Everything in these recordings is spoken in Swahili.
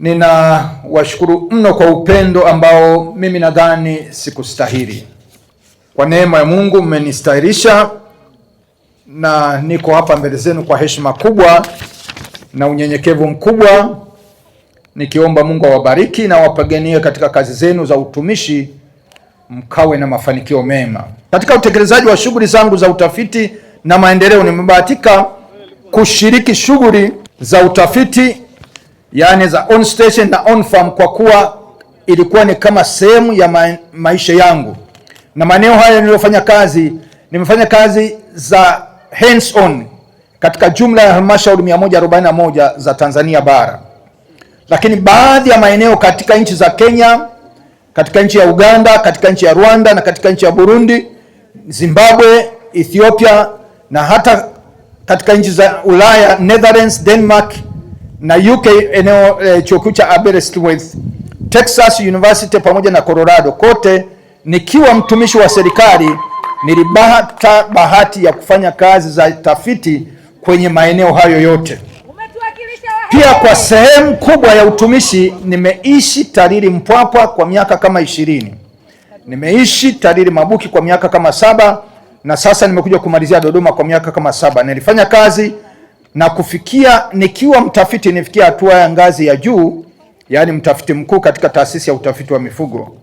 nina washukuru mno kwa upendo ambao mimi nadhani sikustahili. Kwa neema ya Mungu mmenistahilisha, na niko hapa mbele zenu kwa heshima kubwa na unyenyekevu mkubwa, nikiomba Mungu awabariki na wapiganie katika kazi zenu za utumishi, mkawe na mafanikio mema. Katika utekelezaji wa shughuli zangu za utafiti na maendeleo, nimebahatika kushiriki shughuli za utafiti yani za on station na on farm, kwa kuwa ilikuwa ni kama sehemu ya ma maisha yangu, na maeneo haya niliyofanya kazi, nimefanya kazi za hands on katika jumla ya halmashauri 141 za Tanzania bara, lakini baadhi ya maeneo katika nchi za Kenya, katika nchi ya Uganda, katika nchi ya Rwanda na katika nchi ya Burundi, Zimbabwe, Ethiopia na hata katika nchi za Ulaya, Netherlands, Denmark na UK eneo eh, chuo kikuu cha Aberystwyth, Texas University pamoja na Colorado. Kote nikiwa mtumishi wa serikali nilibata bahati ya kufanya kazi za tafiti kwenye maeneo hayo yote. Pia kwa sehemu kubwa ya utumishi nimeishi Tariri Mpwapwa kwa miaka kama ishirini, nimeishi Tariri Mabuki kwa miaka kama saba, na sasa nimekuja kumalizia Dodoma kwa miaka kama saba. Nilifanya kazi na kufikia, nikiwa mtafiti nifikia hatua ya ngazi ya juu, yaani mtafiti mkuu katika taasisi ya utafiti wa mifugo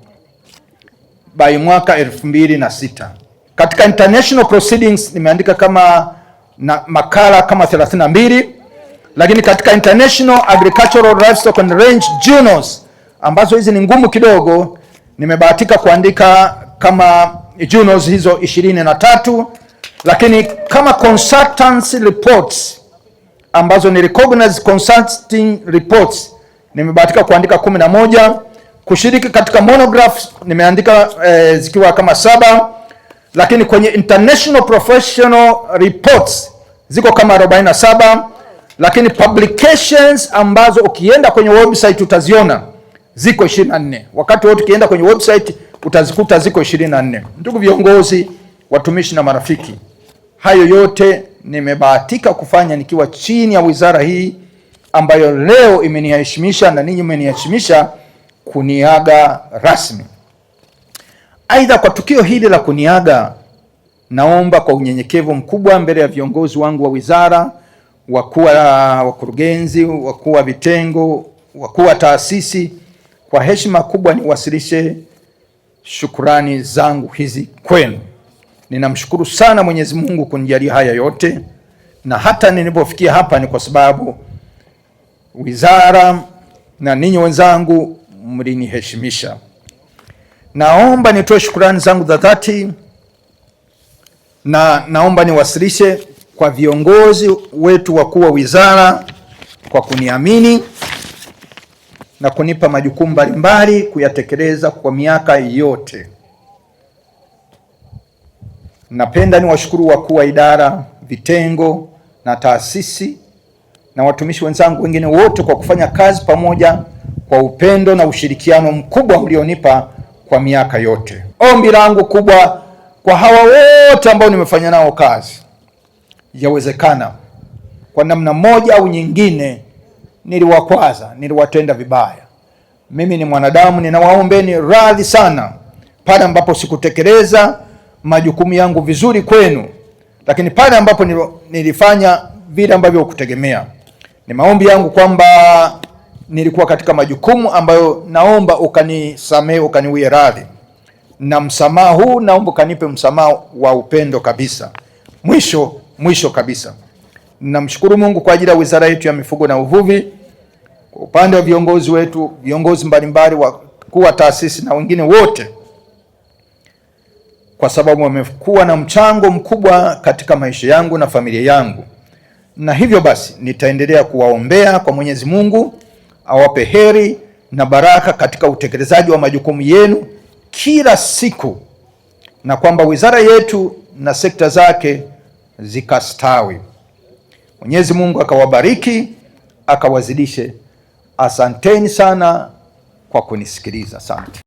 by mwaka elfu mbili na sita. Katika international proceedings nimeandika kama na makala kama 32 lakini katika international agricultural livestock and range journals ambazo hizi ni ngumu kidogo, nimebahatika kuandika kama journals hizo 23 lakini kama consultancy reports ambazo ni recognized consulting reports nimebahatika kuandika kumi na moja, kushiriki katika monographs nimeandika eh, zikiwa kama saba, lakini kwenye international professional reports ziko kama 47, lakini publications ambazo ukienda kwenye website utaziona ziko 24. Wakati wote ukienda kwenye website utazikuta ziko 24. Ndugu viongozi, watumishi na marafiki, hayo yote nimebahatika kufanya nikiwa chini ya wizara hii ambayo leo imeniheshimisha na ninyi mmeniheshimisha kuniaga rasmi. Aidha, kwa tukio hili la kuniaga, naomba kwa unyenyekevu mkubwa mbele ya viongozi wangu wa wizara, wakuu wakurugenzi, wakuu wa vitengo, wakuu wa taasisi, kwa heshima kubwa niwasilishe shukurani zangu hizi kwenu. Ninamshukuru sana Mwenyezi Mungu kunijalia haya yote, na hata nilipofikia hapa ni kwa sababu wizara na ninyi wenzangu mliniheshimisha. Naomba nitoe shukurani zangu za dhati, na naomba niwasilishe kwa viongozi wetu wakuu wa wizara kwa kuniamini na kunipa majukumu mbalimbali kuyatekeleza kwa miaka yote. Napenda ni washukuru wakuu wa idara, vitengo na taasisi na watumishi wenzangu wengine wote kwa kufanya kazi pamoja kwa upendo na ushirikiano mkubwa ulionipa kwa miaka yote. Ombi langu kubwa kwa hawa wote ambao nimefanya nao kazi, yawezekana kwa namna moja au nyingine niliwakwaza, niliwatenda vibaya. Mimi ni mwanadamu, ninawaombeni radhi sana pale ambapo sikutekeleza majukumu yangu vizuri kwenu, lakini pale ambapo nilifanya vile ambavyo kutegemea ni maombi yangu kwamba nilikuwa katika majukumu ambayo naomba ukanisamehe, ukaniwie radhi, na msamaha huu naomba ukanipe msamaha wa upendo kabisa. Mwisho mwisho kabisa, namshukuru Mungu kwa ajili ya wizara yetu ya mifugo na uvuvi, kwa upande wa viongozi wetu, viongozi mbalimbali, wa kuwa taasisi na wengine wote kwa sababu wamekuwa na mchango mkubwa katika maisha yangu na familia yangu, na hivyo basi nitaendelea kuwaombea kwa Mwenyezi Mungu awape heri na baraka katika utekelezaji wa majukumu yenu kila siku, na kwamba wizara yetu na sekta zake zikastawi. Mwenyezi Mungu akawabariki akawazidishe. Asanteni sana kwa kunisikiliza. Asante.